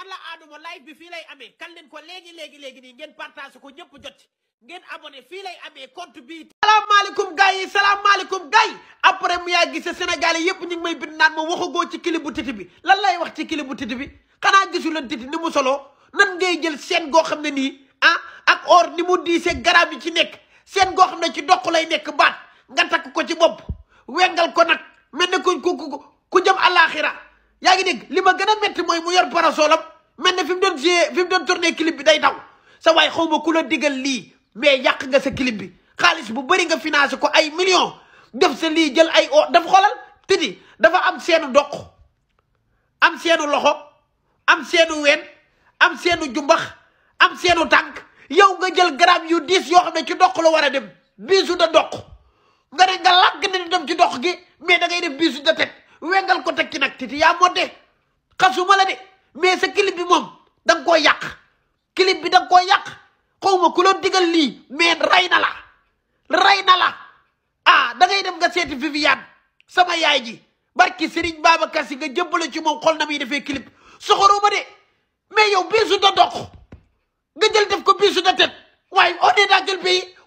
alla aaduma live bi fii lay amee kan leen ko léegi léegi léegi nii ngeen partage ko ñëpp jot ngeen abonné fii lay amee compte bi salaamaaleykum gars yi salaamaaleykum gars yi après mu yaa gisee Sénégal yi yëpp ñu ngi may bind naan ma waxagoo ci clip bu bi lan lay wax ci clip bu Titi bi xanaa gisu leen Titi ni mu soloo nan ngay jël seen goo xam ne nii ah ak or ni mu diisee garab yi ci nekk seen goo xam ne ci doq lay nekk baat nga takk ko ci bopp wengal ko nag mel ne ku ku ku jëm àllaaxira yaa ngi dégg li ma gën a métti mooy mu yor parasolam mel ne fi mu doon joué fi bi day daw sa waay xaw ma ku la digal lii mais yàq nga sa clip bi xaalis bu bëri nga financé ko ay millions def sa lii jël ay o dafa xoolal tëddi dafa am seenu doq am seenu loxo am seenu ween am seenu jumbax am seenu tànk yow nga jël garab yu diis yoo xam ne ci doq loo war a dem biisu da doq nga ne nga làkk ne dem ci doq gi mais da ngay def biisu da tet wengal ko teg ci nag titi yaa de xasuma la de mais sa clip koo yàq xaw ma ku la digal lii mais rey nala la nala na la ah da ngay dem nga seeti Viviane sama yaay ji barki Serigne Babacar si nga jëmbale ci moom xool na muy defee clip soxoroo ma de mais yow biisu da doq nga jël def ko biisu da tet waaye on est dans quel